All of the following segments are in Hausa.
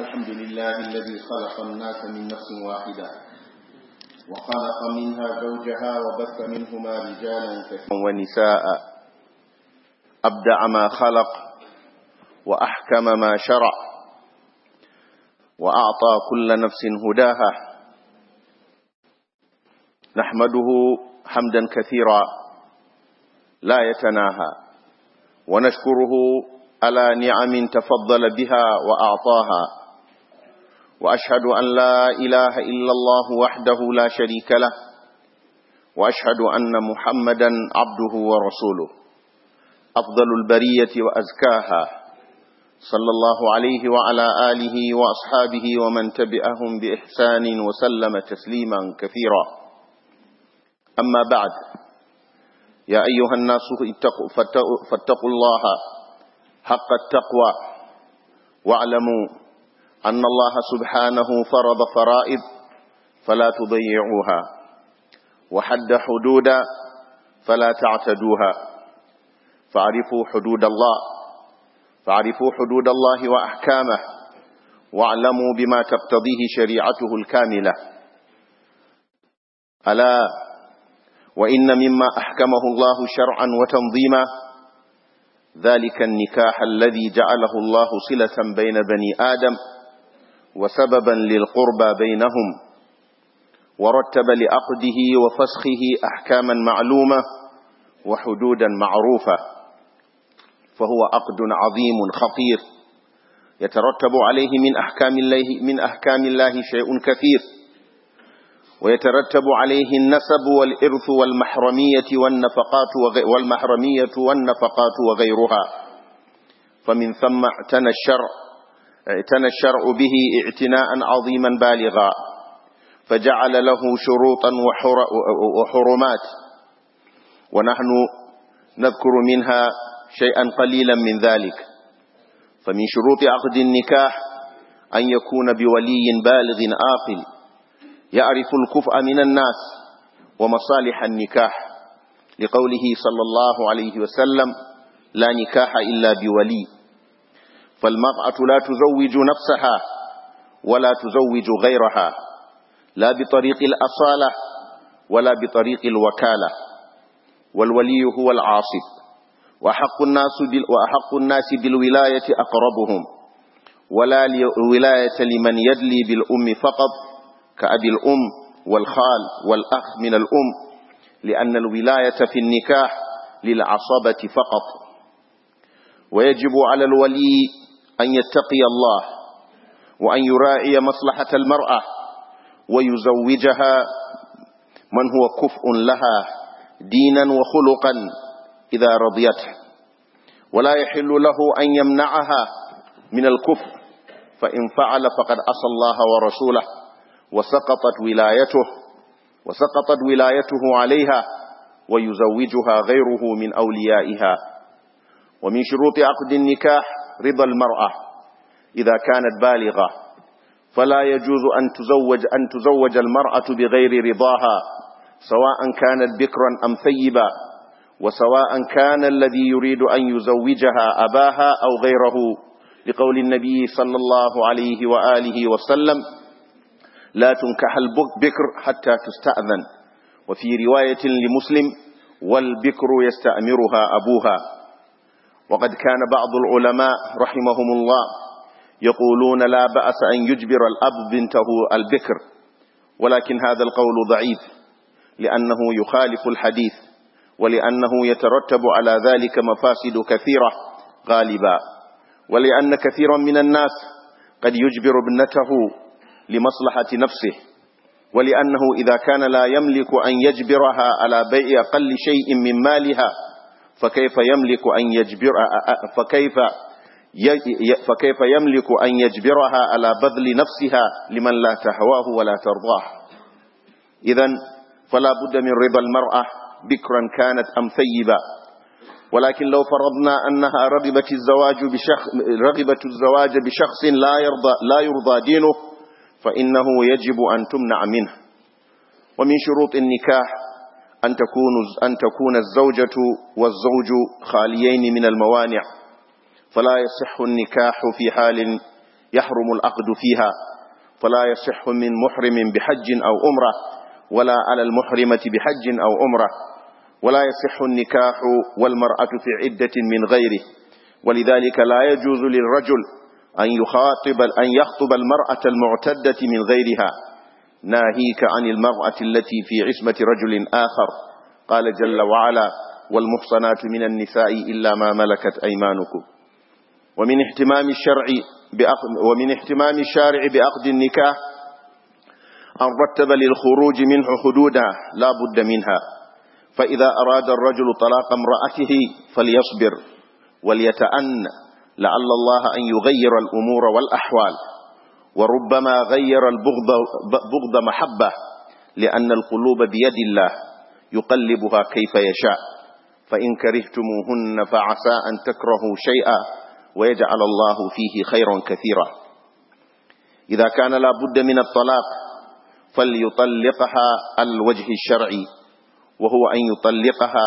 الحمد لله الذي خلق الناس من نفس واحدة وخلق منها زوجها وبث منهما رجالا كثيرا ونساء أبدع ما خلق وأحكم ما شرع وأعطى كل نفس هداها نحمده حمدا كثيرا لا يتناهى ونشكره على نعم تفضل بها وأعطاها وأشهد أن لا إله إلا الله وحده لا شريك له وأشهد أن محمدا عبده ورسوله أفضل البرية وأزكاها صلى الله عليه وعلى آله وأصحابه ومن تبعهم بإحسان وسلم تسليما كثيرا أما بعد يا أيها الناس فاتقوا الله حق التقوى واعلموا أن الله سبحانه فرض فرائض فلا تضيعوها وحد حدودا فلا تعتدوها فاعرفوا حدود الله فاعرفوا حدود الله وأحكامه واعلموا بما تقتضيه شريعته الكاملة ألا وإن مما أحكمه الله شرعا وتنظيما ذلك النكاح الذي جعله الله صلة بين بني آدم وسببا للقربى بينهم ورتب لعقده وفسخه أحكاما معلومة وحدودا معروفة فهو عقد عظيم خطير يترتب عليه من أحكام الله, من أحكام الله شيء كثير ويترتب عليه النسب والإرث والمحرمية والنفقات والمحرمية والنفقات وغيرها فمن ثم اعتنى الشرع اعتنى الشرع به اعتناء عظيما بالغا فجعل له شروطا وحرمات ونحن نذكر منها شيئا قليلا من ذلك فمن شروط عقد النكاح أن يكون بولي بالغ آقل يعرف الكفء من الناس ومصالح النكاح لقوله صلى الله عليه وسلم لا نكاح إلا بولي فالمرأة لا تزوج نفسها ولا تزوج غيرها لا بطريق الأصالة ولا بطريق الوكالة والولي هو العاصف وأحق الناس, بال وأحق الناس بالولاية أقربهم ولا ولاية لمن يدلي بالأم فقط كأبي الأم والخال والأخ من الأم لأن الولاية في النكاح للعصبة فقط ويجب على الولي أن يتقي الله وأن يراعي مصلحة المرأة ويزوجها من هو كفء لها دينا وخلقا إذا رضيته ولا يحل له أن يمنعها من الكفء فإن فعل فقد عصى الله ورسوله وسقطت ولايته وسقطت ولايته عليها ويزوجها غيره من أوليائها ومن شروط عقد النكاح رضا المرأة إذا كانت بالغة فلا يجوز أن تزوج, أن تزوج المرأة بغير رضاها سواء كانت بكرا أم ثيبا وسواء كان الذي يريد أن يزوجها أباها أو غيره لقول النبي صلى الله عليه وآله وسلم لا تنكح البكر حتى تستأذن وفي رواية لمسلم والبكر يستأمرها أبوها وقد كان بعض العلماء رحمهم الله يقولون لا بأس أن يجبر الأب بنته البكر ولكن هذا القول ضعيف لأنه يخالف الحديث ولأنه يترتب على ذلك مفاسد كثيرة غالبا ولأن كثيرا من الناس قد يجبر ابنته لمصلحة نفسه ولأنه إذا كان لا يملك أن يجبرها على بيع أقل شيء من مالها فكيف يملك أن يجبر فكيف فكيف يملك أن يجبرها على بذل نفسها لمن لا تهواه ولا ترضاه إذا فلا بد من رضا المرأة بكرا كانت أم ثيبا ولكن لو فرضنا أنها رغبت الزواج بشخص رغبت الزواج بشخص لا يرضى لا يرضى دينه فإنه يجب أن تمنع منه ومن شروط النكاح أن تكون أن تكون الزوجة والزوج خاليين من الموانع فلا يصح النكاح في حال يحرم العقد فيها فلا يصح من محرم بحج أو أمرة ولا على المحرمة بحج أو أمرة ولا يصح النكاح والمرأة في عدة من غيره ولذلك لا يجوز للرجل أن يخاطب أن يخطب المرأة المعتدة من غيرها ناهيك عن المرأة التي في عصمة رجل آخر قال جل وعلا والمحصنات من النساء إلا ما ملكت أيمانكم ومن اهتمام الشرع ومن اهتمام الشارع بأخذ النكاح أن رتب للخروج منه حدودا لا بد منها فإذا أراد الرجل طلاق امرأته فليصبر وليتأن لعل الله أن يغير الأمور والأحوال وربما غير البغض بغض محبة لأن القلوب بيد الله يقلبها كيف يشاء فإن كرهتموهن فعسى أن تكرهوا شيئا ويجعل الله فيه خيرا كثيرا إذا كان لا بد من الطلاق فليطلقها الوجه الشرعي وهو أن يطلقها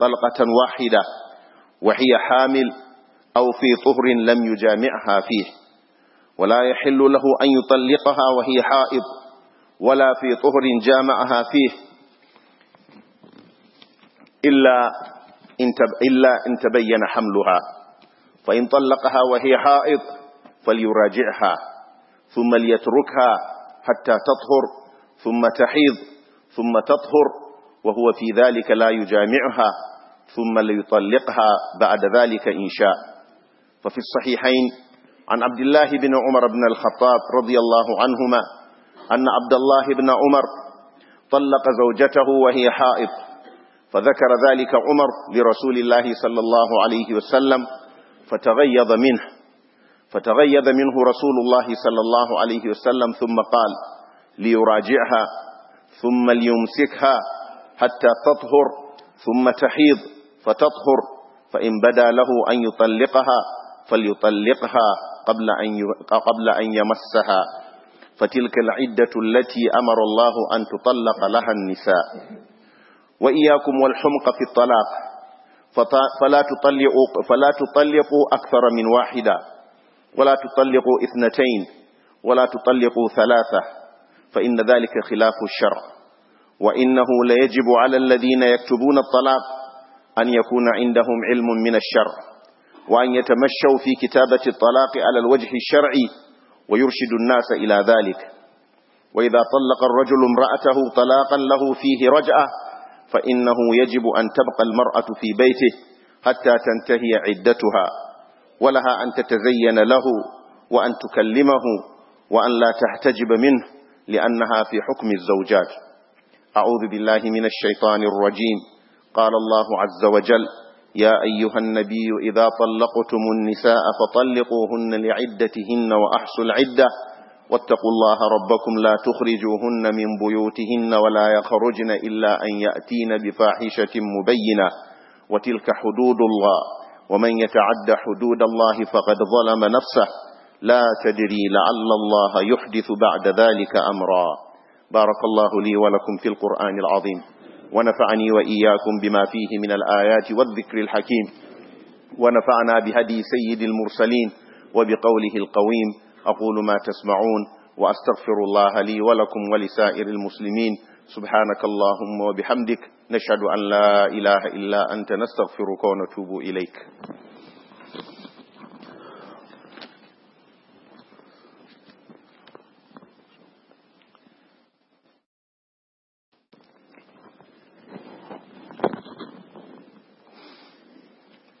طلقة واحدة وهي حامل أو في طهر لم يجامعها فيه ولا يحل له أن يطلقها وهي حائض ولا في طهر جامعها فيه إلا إن, إلا إن تبين حملها فإن طلقها وهي حائض فليراجعها ثم ليتركها حتى تطهر ثم تحيض ثم تطهر وهو في ذلك لا يجامعها ثم ليطلقها بعد ذلك إن شاء ففي الصحيحين عن عبد الله بن عمر بن الخطاب رضي الله عنهما أن عبد الله بن عمر طلق زوجته وهي حائض فذكر ذلك عمر لرسول الله صلى الله عليه وسلم فتغيظ منه فتغيظ منه رسول الله صلى الله عليه وسلم ثم قال ليراجعها ثم ليمسكها حتى تطهر ثم تحيض فتطهر فإن بدا له أن يطلقها فليطلقها قبل أن قبل أن يمسها فتلك العدة التي أمر الله أن تطلق لها النساء وإياكم والحمق في الطلاق فلا تطلقوا فلا تطلقوا أكثر من واحدة ولا تطلقوا اثنتين ولا تطلقوا ثلاثة فإن ذلك خلاف الشرع وإنه ليجب على الذين يكتبون الطلاق أن يكون عندهم علم من الشرع وأن يتمشوا في كتابة الطلاق على الوجه الشرعي ويرشد الناس إلى ذلك وإذا طلق الرجل امرأته طلاقا له فيه رجعة فإنه يجب أن تبقى المرأة في بيته حتى تنتهي عدتها ولها أن تتزين له وأن تكلمه وأن لا تحتجب منه لأنها في حكم الزوجات أعوذ بالله من الشيطان الرجيم قال الله عز وجل يا أيها النبي إذا طلقتم النساء فطلقوهن لعدتهن وأحصوا العدة واتقوا الله ربكم لا تخرجوهن من بيوتهن ولا يخرجن إلا أن يأتين بفاحشة مبينة وتلك حدود الله ومن يتعد حدود الله فقد ظلم نفسه لا تدري لعل الله يحدث بعد ذلك أمرا بارك الله لي ولكم في القرآن العظيم ونفعني وإياكم بما فيه من الآيات والذكر الحكيم ونفعنا بهدي سيد المرسلين وبقوله القويم أقول ما تسمعون وأستغفر الله لي ولكم ولسائر المسلمين سبحانك اللهم وبحمدك نشهد أن لا إله إلا أنت نستغفرك ونتوب إليك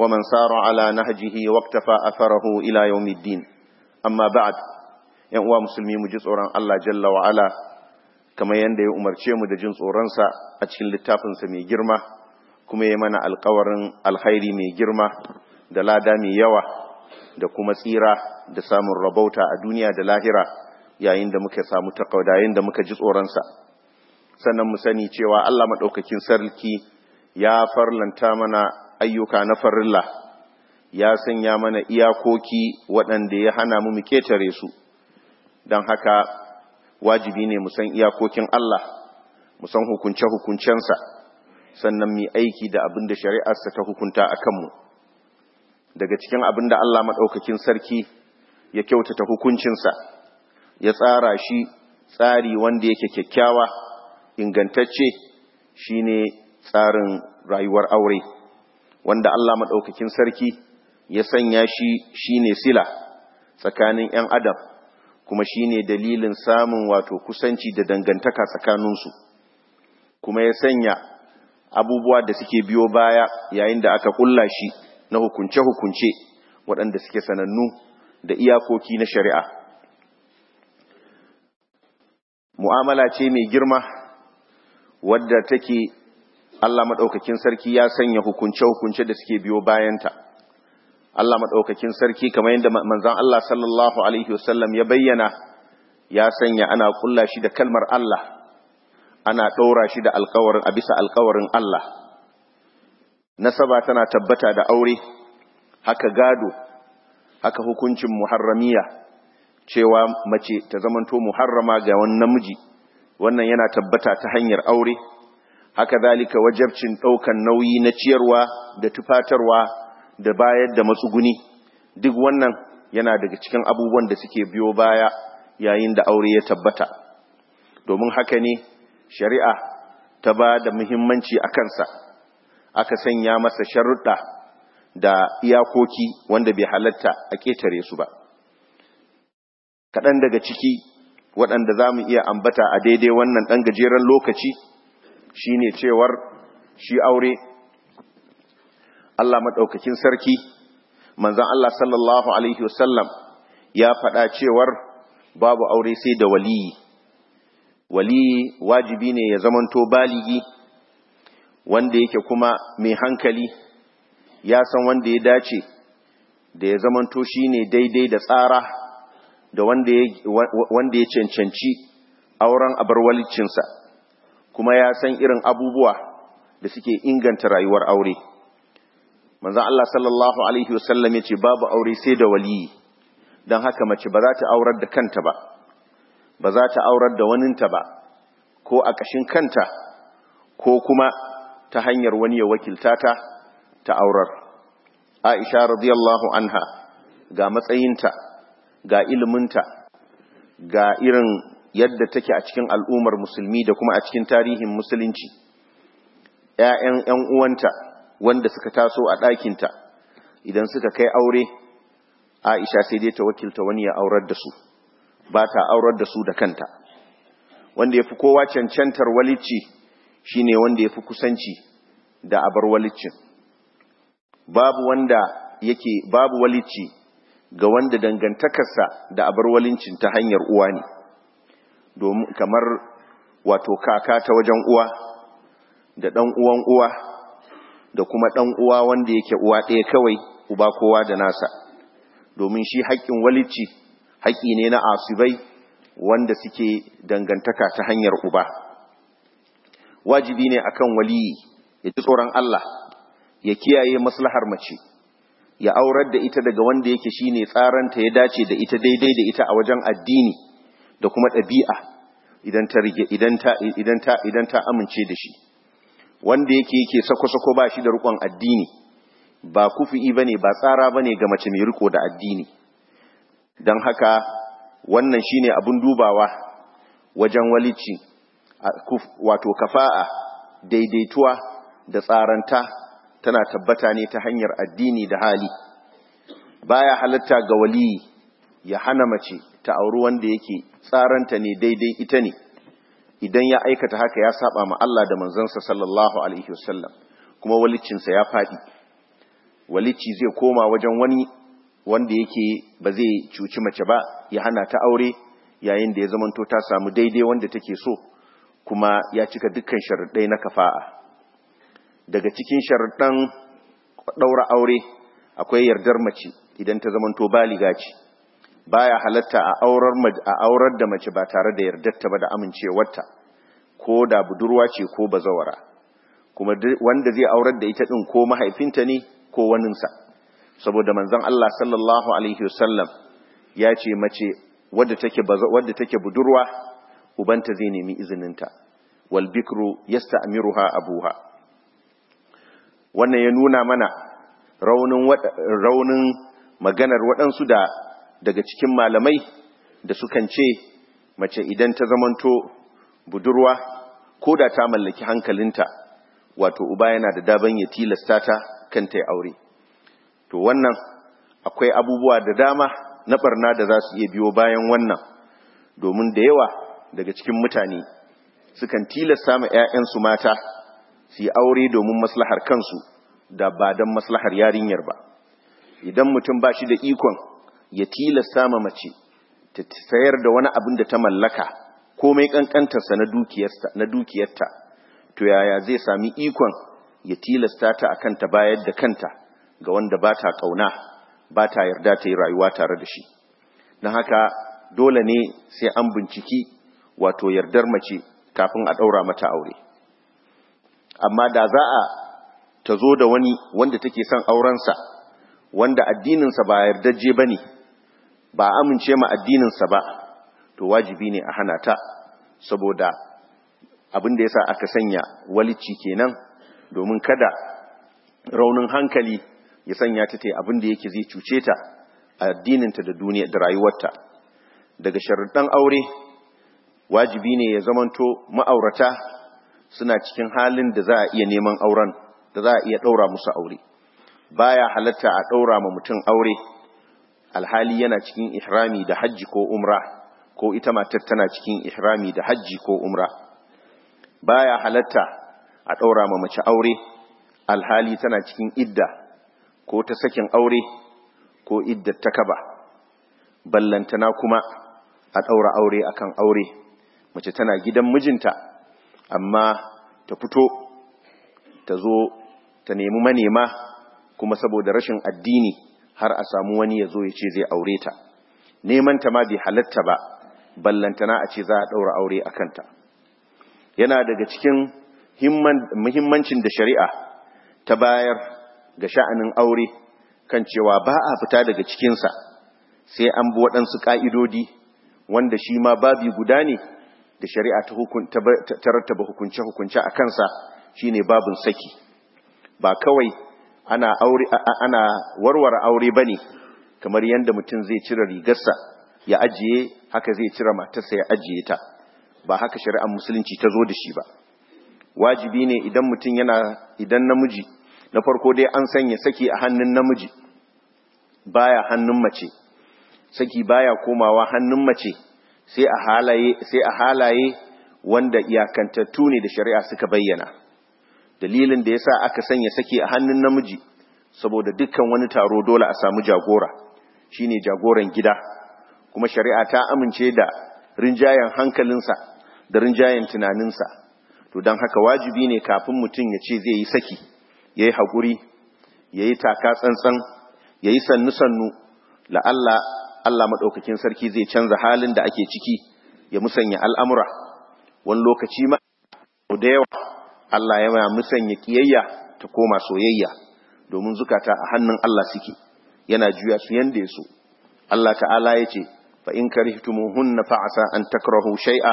ومن سار على نهجه واكتفى أثره إلى يوم الدين أما بعد ينقوى مسلمي مجيس أوران الله جل وعلا كما يندي أمر شيمو جنس أورانسا أتشن لتافن سمي جرمة كما يمنع القور الخيري مي جرمة دلا دامي يوى da kuma tsira da samun rabauta a duniya da lahira yayin da muka samu takawa yayin da muka ji tsoronsa sannan mu sani cewa Allah maɗaukakin sarki ya farlanta mana ayyuka na farilla ya sanya mana iyakoki waɗanda ya hana mu ketare su don haka wajibi ne mu san iyakokin Allah mu san hukunce-hukuncensa sannan mu aiki da abin da shari'arsa ta hukunta a kanmu daga cikin abin da Allah maɗaukakin sarki ya kyautata hukuncinsa ya tsara shi tsari wanda yake kyakkyawa ingantacce shine tsarin rayuwar aure wanda Allah maɗaukakin sarki ya sanya shi shine sila tsakanin 'yan adam kuma shine dalilin samun wato kusanci da dangantaka tsakaninsu kuma ya sanya abubuwa da suke biyo baya yayin da aka kulla shi na hukunce-hukunce waɗanda suke sanannu da iyakoki na shari'a mu'amala ce mai girma wadda take Allah maɗaukakin sarki ya sanya hukunce-hukunce da suke biyo bayanta. Allah maɗaukakin sarki kamar yadda manzan Allah sallallahu Alaihi wasallam ya bayyana ya sanya ana kulla shi da kalmar Allah, ana ɗora shi da alkawarin a bisa alkawarin Allah. Nasaba tana tabbata da aure, haka gado, haka hukuncin muharramiya, cewa mace ta zamanto muharrama ga wannan miji, wannan yana tabbata ta hanyar aure. haka zalika wajabcin ɗaukan nauyi na ciyarwa da tufatarwa da bayar da matsuguni duk wannan yana daga cikin abubuwan da suke biyo baya yayin da aure ya tabbata domin haka ne shari'a ta ba da muhimmanci a kansa aka sanya masa sharuɗa da iyakoki wanda bai halatta a ƙetare su ba kaɗan daga ciki waɗanda za mu iya ambata a daidai wannan ɗan gajeren lokaci Shi ne cewar shi aure Allah maɗaukakin sarki manzan Allah sallallahu alaihi wasallam ya faɗa cewar babu aure sai da waliyi waliyi wajibi ne ya zamanto baligi wanda yake kuma mai hankali ya san wanda ya dace da ya zamanto shi ne daidai da tsara da wanda ya cancanci auren abarwalicinsa kuma ya san irin abubuwa da suke inganta rayuwar aure manzan Allah sallallahu alaihi wasallam ce babu aure sai da waliyi Don haka mace ba za ta aurar da kanta ba ba za ta aurar da waninta ba ko a ƙashin kanta ko kuma ta hanyar wani ya wakilta ta ta aurar Aisha radiyallahu anha ga matsayinta ga iliminta ga irin yadda take a cikin al'ummar musulmi da kuma a cikin tarihin musulunci ‘ya'yan ‘yan uwanta wanda suka taso a ɗakinta idan suka kai aure aisha sai dai ta wakilta wani ya aurar da su ba ta aurar da su da kanta wanda ya fi kowa cancantar walicci shi ne wanda ya fi kusanci da abar walicci. babu wanda yake babu walicci ga wanda dangantakarsa da abar walincin ta hanyar uwa ne kamar wato kaka ta wajen uwa da ɗan uwan uwa da kuma ɗan uwa wanda yake uwa ɗaya kawai uba kowa da nasa domin shi haƙƙin walici haƙƙi ne na asibai wanda suke dangantaka ta hanyar uba wajibi ne akan waliyi ya ji tsoron Allah ya kiyaye maslahar mace ya aurar da ita daga wanda yake shine tsaranta ya dace da ita daidai da ita a wajen addini da kuma ɗabi'a idan ta amince da shi wanda yake yake sako-sako ba shi da rikon addini ba ba ne ba tsara ba ne ga mace mai riko da addini don haka wannan shi ne abin dubawa wajen walici wato kafa'a daidaituwa da tsaranta tana tabbata ne ta hanyar addini da hali baya halatta ga waliyi ya hana mace ta auri wanda yake tsaranta ne daidai ita ne idan ya aikata haka ya saba ma Allah da manzansa sallallahu alaihi wasallam kuma walicinsa ya faɗi walici zai koma wajen wani wanda yake ba zai cuci mace ba ya hana ta aure yayin da ya zamanto ta samu daidai wanda take so kuma ya cika dukkan sharaɗai na kafa'a daga cikin sharaɗan ɗaura aure akwai yardar mace idan ta zamanto baliga ce baya halatta a aurar a aurar da mace ba tare da yardarta ba da amincewarta ko da budurwa ce ko bazawara kuma wanda zai aurar da ita din ko mahaifinta ne ko sa saboda manzon Allah sallallahu alaihi wasallam ya ce mace wadda take wadda take budurwa ubanta zai nemi izininta wal bikru yasta'miruha abuha wannan ya nuna mana raunin raunin maganar waɗansu da daga cikin malamai da sukan ce mace idan ta zamanto budurwa ko da ta mallaki hankalinta wato uba yana da daban ya tilasta ta kanta ya aure to wannan akwai abubuwa da dama na barna da za su iya biyo bayan wannan domin da yawa daga cikin mutane sukan tilasta ma 'ya'yansu mata su yi aure domin maslahar kansu da ba don maslahar yarinyar ba idan mutum ba shi da ikon ya tilasta ma mace ta sayar da wani abin da ta mallaka komai kankantarsa na dukiyarta to yaya zai sami ikon ya tilasta ta akan ta bayar da kanta ga wanda ba ta kauna ba ta yarda ta yi rayuwa tare da shi don haka dole ne sai an binciki wato yardar mace kafin a ɗaura mata aure amma da za a ta zo da wani wanda take son aurensa wanda addininsa ba yardaje ba ne ba a amince ma addininsa ba to wajibi ne a hana ta saboda abin da yasa aka sanya walici kenan domin kada raunin hankali ya sanya ta ta abin da yake zai cuce ta addininta da duniya da rayuwarta daga sharuɗan aure wajibi ne ya zamanto ma'aurata suna cikin halin da za a iya neman auren da za a iya ɗaura musu aure baya halatta a ɗaura ma mutum aure alhali yana cikin ihrami da hajji ko umra ko ita matar tana cikin ihrami da hajji ko umra baya halatta a ɗaura ma mace aure alhali tana cikin idda ko ta sakin aure ko idda ta kaba ballantana kuma a ɗaura aure akan aure mace tana gidan mijinta amma ta fito ta zo ta nemi manema kuma saboda rashin addini har a samu wani ya zo ya ce zai aure ta neman ta ma bai halatta ba ballantana a ce za a ɗaura aure a kanta yana daga cikin muhimmancin da shari'a ta bayar ga sha'anin aure kan cewa ba a fita daga cikinsa sai an bi waɗansu ƙa'idodi wanda shi ma babi guda ne da shari'a ta rattaba hukunce-hukunce a kansa shine babin saki ba kawai ana aure ana warware aure bane kamar yadda mutum zai cire rigarsa ya ajiye haka zai cire matarsa ya ajiye ta ba haka shari'ar musulunci ta zo da shi ba wajibi ne idan mutum yana idan namiji na farko dai an sanya saki a hannun namiji baya hannun mace saki baya komawa hannun mace sai a halaye sai a halaye wanda iyakantattu ne da shari'a suka bayyana dalilin da ya sa aka sanya saki a hannun namiji saboda dukkan wani taro dole a samu jagora shine jagoran gida kuma shari'a ta amince da rinjayen hankalinsa da rinjayen tunaninsa to don haka wajibi ne kafin mutum ya ce zai yi saki ya yi haƙuri ya yi taka tsantsan ya yi sannu-sannu la'alla Allah maɗaukakin sarki zai canza halin da ake ciki ya musanya al'amura wani lokaci ma da yawa Allah ya maya musanya kiyayya ta koma soyayya domin zukata a hannun Allah suke yana juya su yanda ya so Allah ta'ala ya ce fa in fa asa an takrahu shay'a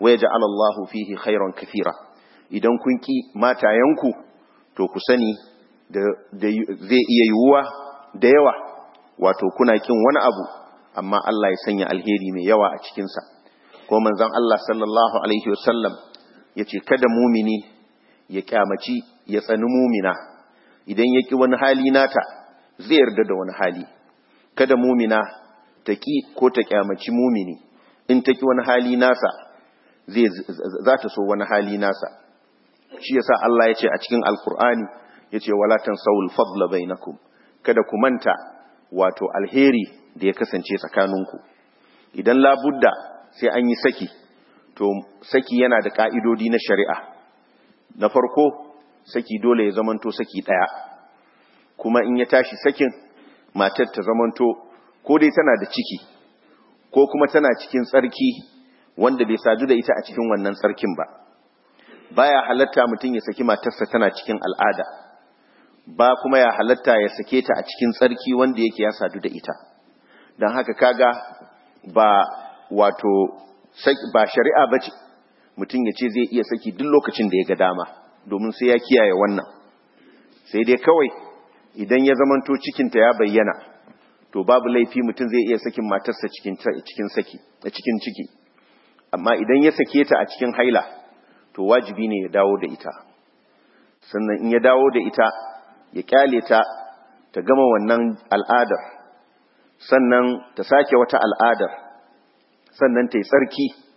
wa yaj'al Allah fihi khairan kathira idan kun ki matayanku to ku sani da zai iya yiwuwa da yawa wato kuna kin wani abu amma Allah ya sanya alheri mai yawa a cikinsa ko manzon Allah sallallahu alaihi wasallam yace kada mumini ya kyamaci ya tsani mumina idan ya ki wani hali nata zai yarda da wani hali kada mumina ta ki ko ta kyamaci mumini in ta ki wani hali nasa zai za ta so wani hali nasa shi ya sa Allah ya ce a cikin alkur'ani ya ce walatan saul fadla ku? kada ku manta wato alheri da ya kasance tsakaninku idan labudda sai an yi saki to saki yana da ka'idodi na shari'a na farko saki dole ya zamanto saki ɗaya kuma in ya tashi sakin matar ta zamanto ko dai tana da ciki ko kuma tana cikin tsarki wanda bai sadu da ita a cikin wannan tsarkin ba baya halatta mutum ya saki matarsa tana cikin al'ada ba kuma ya halatta ya sake ta a cikin tsarki wanda yake ya sadu da ita don haka kaga ba wato ba shari'a bace mutum ya ce zai iya saki duk lokacin da ya ga dama domin sai ya kiyaye wannan sai dai kawai idan ya zamanto cikinta ya bayyana to babu laifi mutum zai iya sakin matarsa cikin saki a cikin ciki amma idan ya sake ta a cikin haila to wajibi ne ya dawo da ita sannan in ya dawo da ita ya kyale ta ta gama wannan al'adar sannan ta sake wata al'adar sannan ta yi tsarki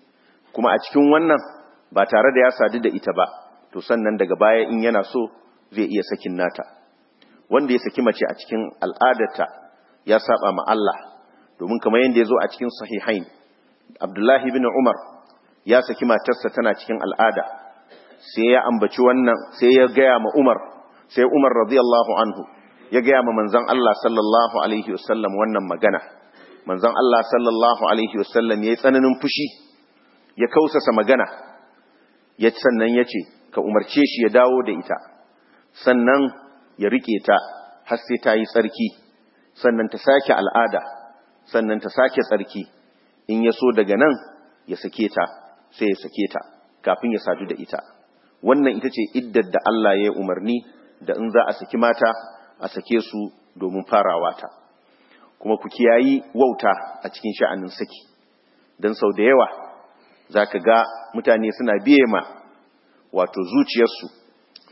kuma a cikin wannan ba tare da ya sadu da ita ba to sannan daga baya in yana so zai iya sakin nata wanda ya saki mace a cikin al'adarta ya saba ma Allah domin kamar yadda ya zo a cikin sahihain Abdullahi bin Umar ya saki matarsa tana cikin al'ada sai ya ambaci wannan sai ya gaya ma Umar sai Umar radiyallahu anhu ya gaya ma manzon Allah sallallahu alaihi wasallam wannan magana manzon Allah sallallahu alaihi wasallam yayi tsananin fushi ya kausasa magana ya sannan ya ce ka umarce shi ya dawo da ita sannan ya rike ta har sai ta yi tsarki sannan ta sake al'ada sannan ta sake tsarki in ya so daga nan ya sake ta sai ya sake ta kafin ya sadu da ita wannan ita ce iddar da Allah ya yi umarni da in za a saki mata a sake su domin farawa ta kuma ku kiyayi wauta a cikin sha'anin saki don sau da yawa za ka ga mutane suna biye ma wato zuciyarsu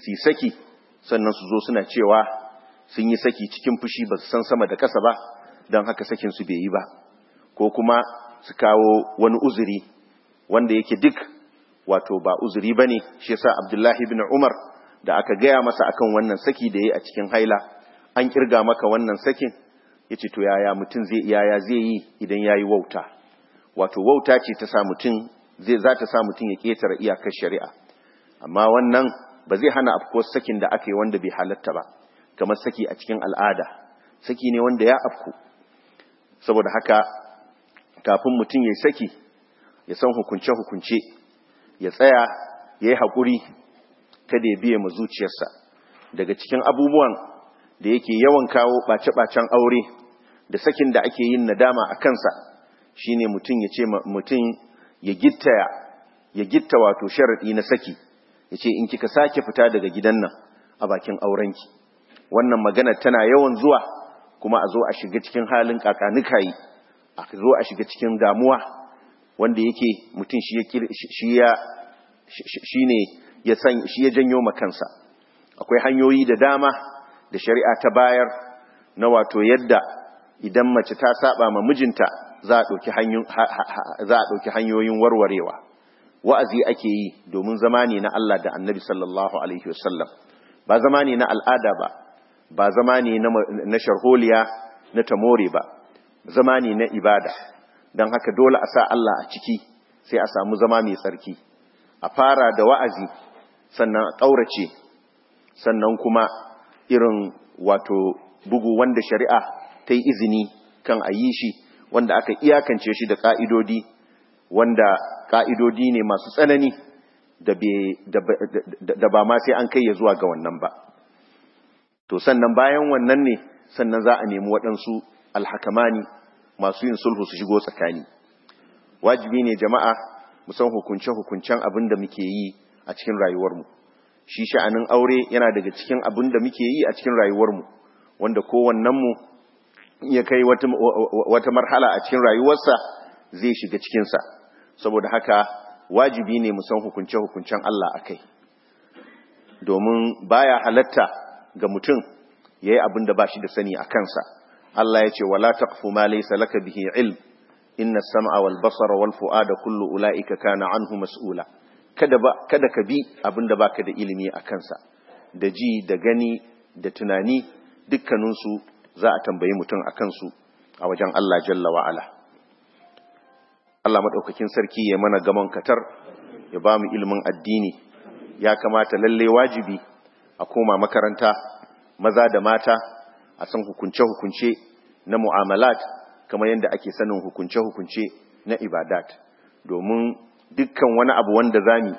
su saki sannan su zo suna cewa sun yi saki cikin fushi ba su san sama da ƙasa ba don haka sakinsu bai yi ba ko kuma su kawo wani uzuri wanda yake duk wato ba uzuri ba ne shi sa abdullahi bin umar da aka gaya masa akan wannan saki da ya yi a cikin haila an kirga maka wannan sakin ya ce to yaya mutum zai yi idan ya yi wauta wato wauta ce ta sa mutum zai za ta sa mutum ya ƙetare iyakar shari'a amma wannan ba zai hana afko sakin da aka yi wanda bai halatta ba kamar saki a cikin al'ada saki ne wanda ya afku saboda haka kafin mutum ya saki ya san hukunce-hukunce ya tsaya ya yi haƙuri kada ya biya ma zuciyarsa daga cikin abubuwan da yake yawan kawo ɓace-ɓacen aure da sakin da ake yin nadama a kansa shi ne mutum ya ce mutum ya gittaya ya gitta wato sharadi na saki yace in kika sake fita daga gidan nan a bakin aurenki wannan magana tana yawan zuwa kuma a zo a shiga cikin halin kakanikayi a zo a shiga cikin damuwa wanda yake mutum shi ya shi ne ya san shi ya janyo makansa akwai hanyoyi da dama da shari'a ta bayar na wato yadda idan mace ta saba ma mijinta za a ɗauki hanyoyin warwarewa wa'azi ake yi domin zama na Allah da annabi sallallahu alaihi wasallam ba zama na al'ada ba ba zama ne na sharholiya na tamore ba zama na ibada don haka dole a sa Allah a ciki sai a samu zama mai tsarki a fara da wa'azi sannan a ƙaurace sannan kuma irin wato bugu wanda shari'a ta yi izini kan a yi shi wanda aka iyakance shi da ƙa'idodi wanda ƙa'idodi ne masu tsanani da ba ma sai an kai ya zuwa ga wannan ba to sannan bayan wannan ne sannan za a nemi waɗansu alhakamani masu yin sulhu su shigo tsakani wajibi ne jama'a musan hukunce-hukuncen abin da muke yi a cikin rayuwarmu shi sha'anin aure yana daga cikin abin da muke yi a cikin rayuwarmu wanda kowannenmu ya kai wata marhala a cikin rayuwarsa zai shiga cikinsa saboda haka wajibi ne mu san hukunce-hukuncen Allah a kai domin baya halatta ga mutum ya yi abin da ba shi da sani a kansa Allah ya ce wala taqfu ma laysa laka bihi ilm inna sam'a wal basara wal fu'ada kullu ula'ika kana anhu mas'ula kada ba kada ka bi abin da baka da ilimi a kansa da ji da gani da tunani dukkaninsu za a tambayi mutum a kansu a wajen Allah jalla wa'ala Allah maɗaukakin sarki ya mana gaman katar ya ba mu ilimin addini ya kamata lalle wajibi a koma makaranta maza da mata a san hukunce-hukunce na mu'amalat kamar yadda ake sanin hukunce-hukunce na ibadat domin dukkan wani abu wanda zami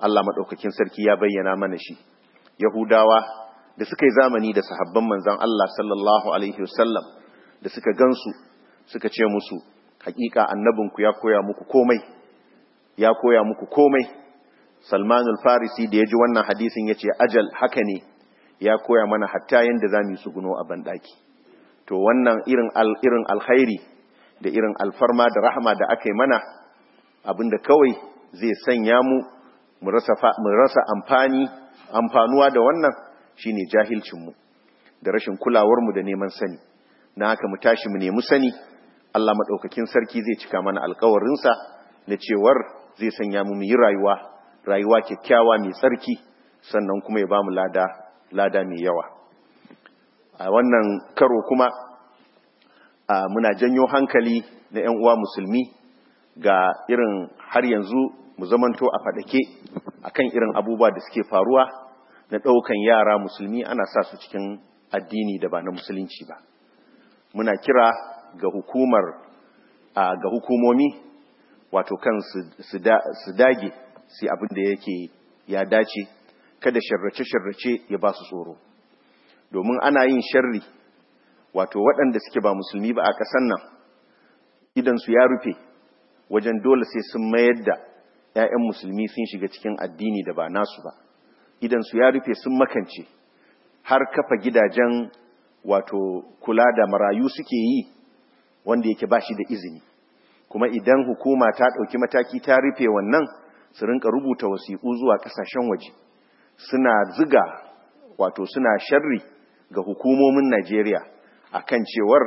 Allah maɗaukakin sarki ya bayyana mana shi Yahudawa da suka yi zamani da sahabban manzan Allah sallallahu alaihi wasallam da suka gansu suka ce musu hakika annabinku ya koya muku komai ya koya muku komai salmanul farisi da ya ji wannan hadisin ya ce ajal haka ne ya koya mana hatta yadda za mu yi suguno a banɗaki to wannan irin alkhairi da irin alfarma da rahama da aka yi mana abinda kawai zai sanya mu mu rasa amfani amfanuwa da wannan shine jahilcinmu da rashin kulawarmu da neman sani na haka mu tashi mu nemi sani Allah maɗaukakin sarki zai cika mana alkawarinsa na cewar zai sanya mu yi rayuwa rayuwa kyakkyawa mai sarki sannan kuma ya bamu lada lada mai yawa a wannan karo kuma muna janyo hankali na 'yan uwa musulmi ga irin har yanzu mu zamanto a faɗake akan irin abubuwa da suke faruwa na ɗaukan yara musulmi ana sa su cikin addini da ba na musulunci ba muna kira ga hukumar ga hukumomi wato kan su dage su abin da yake ya dace kada sharrace-sharrace ya ba su tsoro domin ana yin sharri wato waɗanda suke ba musulmi ba a ƙasan nan idansu ya rufe wajen dole sai sun mayar da 'ya'yan musulmi sun shiga cikin addini da ba nasu ba idan su ya rufe sun makance har kafa gidajen wato kula da marayu suke yi wanda yake ba shi da izini kuma idan hukuma ta ɗauki mataki ta rufe wannan su rinka rubuta wasiƙu zuwa ƙasashen waje suna ziga wato suna sharri ga hukumomin najeriya a kan cewar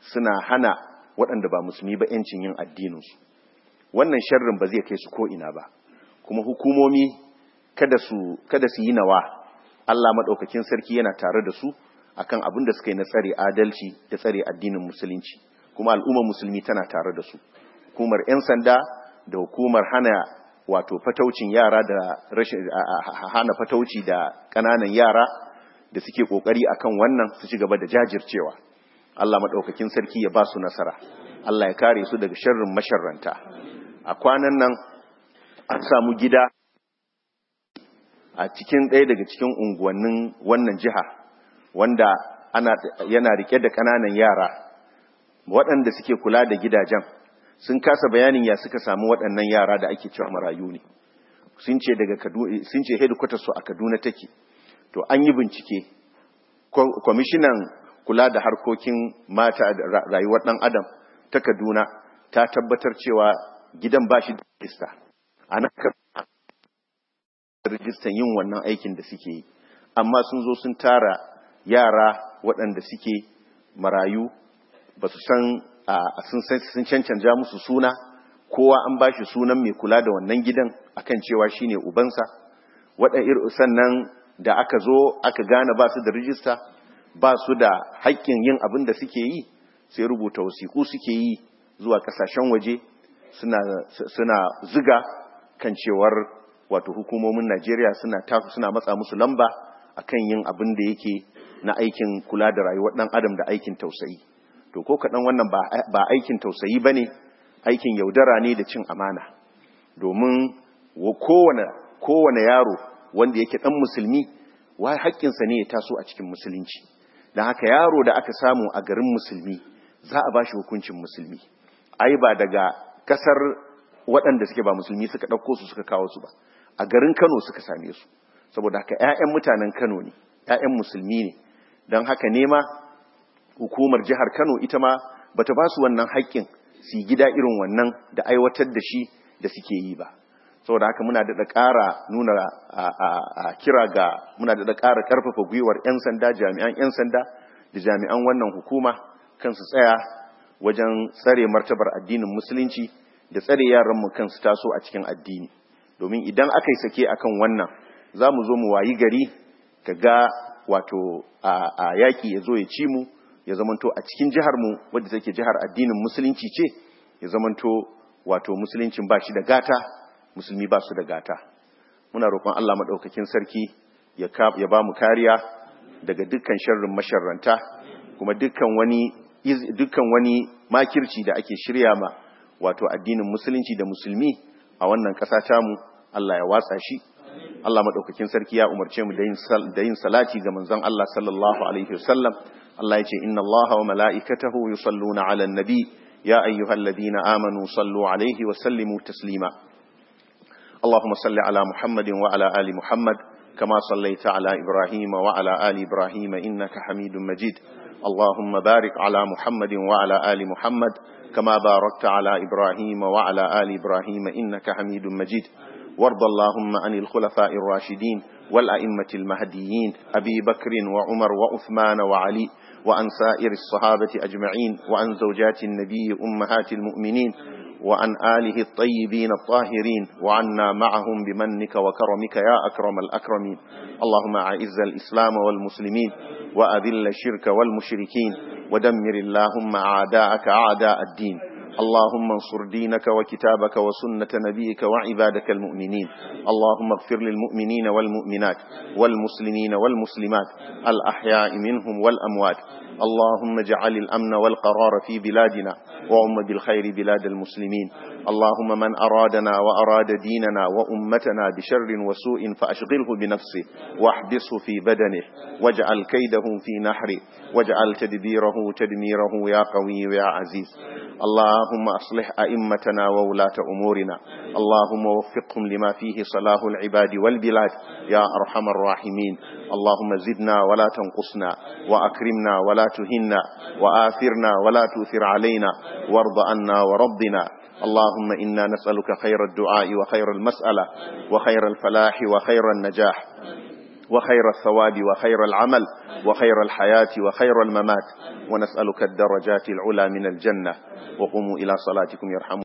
suna hana waɗanda ba musulmi ba 'yancin yin addininsu wannan sharrin ba zai kai su ko'ina ba kuma hukumomi kada su yi nawa Allah madaukakin sarki yana tare da su akan abin da suka yi na tsare adalci da tsare addinin musulunci kuma al'ummar musulmi tana tare da su hukumar 'yan sanda da hukumar hana wato fataucin yara da rashin hana fatauci da ƙananan yara da suke kokari akan wannan su ci gaba da jajircewa Allah madaukakin sarki ya ba su nasara Allah ya kare su daga sharrin masharranta a kwanan nan an samu gida a cikin ɗaya daga cikin unguwannin wannan jiha wanda ana yana rike da ƙananan yara waɗanda suke kula da gidajen sun kasa bayanin ya suka samu waɗannan yara da ake cewa marayu ne sun ce daga su a Kaduna take to an yi bincike kwamishinan kula da harkokin mata da rayuwar ɗan adam ta Kaduna ta tabbatar cewa gidan bashi da rista a rijistan yin wannan aikin da suke yi amma sun zo sun tara yara waɗanda suke marayu ba su san sun cancanta musu suna kowa an ba shi sunan mai kula da wannan gidan akan cewa shine ubansa sannan da aka zo aka gane ba su da rijista ba su da haƙƙin yin abin da suke yi sai rubuta wasiƙu suke yi zuwa ƙasashen waje suna ziga kan cewar wato hukumomin Najeriya suna tafi suna matsa musu lamba akan yin abin da yake na aikin kula da rayuwar ɗan adam da aikin tausayi to ko kaɗan wannan ba aikin tausayi ba ne aikin yaudara ne da cin amana domin kowane yaro wanda yake ɗan musulmi wai haƙƙinsa ne ya taso a cikin musulunci don haka yaro da aka samu a garin musulmi za a ba shi hukuncin musulmi ai ba daga ƙasar waɗanda suke ba musulmi suka ɗauko su suka kawo su ba a garin Kano suka same su saboda haka ƴaƴan mutanen Kano ne ƴaƴan musulmi ne don haka nema hukumar jihar Kano ita ma bata ba su wannan haƙƙin su gida irin wannan da aiwatar da shi da suke yi ba saboda haka muna daɗa ƙara nuna a kira ga muna daɗa ƙara ƙarfafa gwiwar ƴan sanda jami'an ƴan sanda da jami'an wannan hukuma kan su tsaya wajen tsare martabar addinin musulunci da tsare yaran yaranmu su taso a cikin addini domin idan aka yi sake akan wannan za mu zo mu wayi gari ka ga wato a yaƙi ya zo ya ci mu ya zamanto a cikin jihar mu wadda take jihar addinin musulunci ce ya zamanto wato musuluncin ba shi da gata musulmi ba su da gata muna roƙon Allah maɗaukakin sarki ya ba mu kariya daga dukkan sharrin masharranta kuma dukkan wani dukkan wani makirci da ake shirya ma wato addinin musulunci da musulmi a wannan ƙasa tamu Allah ya watsa shi Allah maɗaukakin sarki ya umarce mu da yin salati ga manzon Allah sallallahu alaihi wasallam Allah ya ce inna Allah wa mala'ikatahu yusalluna 'alan nabi ya ayyuhalladhina amanu sallu 'alaihi wa sallimu taslima Allahumma salli 'ala Muhammadin wa 'ala ali Muhammad kama sallaita 'ala Ibrahim wa 'ala ali Ibrahim innaka Hamidum Majid Allahumma barik 'ala Muhammadin wa 'ala ali Muhammad كما باركت على إبراهيم وعلى آل إبراهيم إنك حميد مجيد وارض اللهم عن الخلفاء الراشدين والأئمة المهديين أبي بكر وعمر وعثمان وعلي وعن سائر الصحابة أجمعين وعن زوجات النبي أمهات المؤمنين وعن آله الطيبين الطاهرين وعنا معهم بمنك وكرمك يا أكرم الأكرمين اللهم أعز الإسلام والمسلمين وأذل الشرك والمشركين ودمر اللهم أعداءك أعداء الدين اللهم انصر دينك وكتابك وسنة نبيك وعبادك المؤمنين اللهم اغفر للمؤمنين والمؤمنات والمسلمين والمسلمات الأحياء منهم والأموات اللهم اجعل الأمن والقرار في بلادنا وعم بالخير بلاد المسلمين اللهم من أرادنا وأراد ديننا وأمتنا بشر وسوء فأشغله بنفسه واحبسه في بدنه واجعل كيده في نحره واجعل تدبيره تدميره يا قوي يا عزيز اللهم أصلح أئمتنا وولاة أمورنا اللهم وفقهم لما فيه صلاح العباد والبلاد يا أرحم الراحمين اللهم زدنا ولا تنقصنا وأكرمنا ولا تهنا وآثرنا ولا تؤثر علينا وارض عنا وربنا اللهم إنا نسألك خير الدعاء وخير المسألة وخير الفلاح وخير النجاح وخير الثواب وخير العمل وخير الحياة وخير الممات ونسألك الدرجات العلى من الجنة وقوموا إلى صلاتكم يرحمون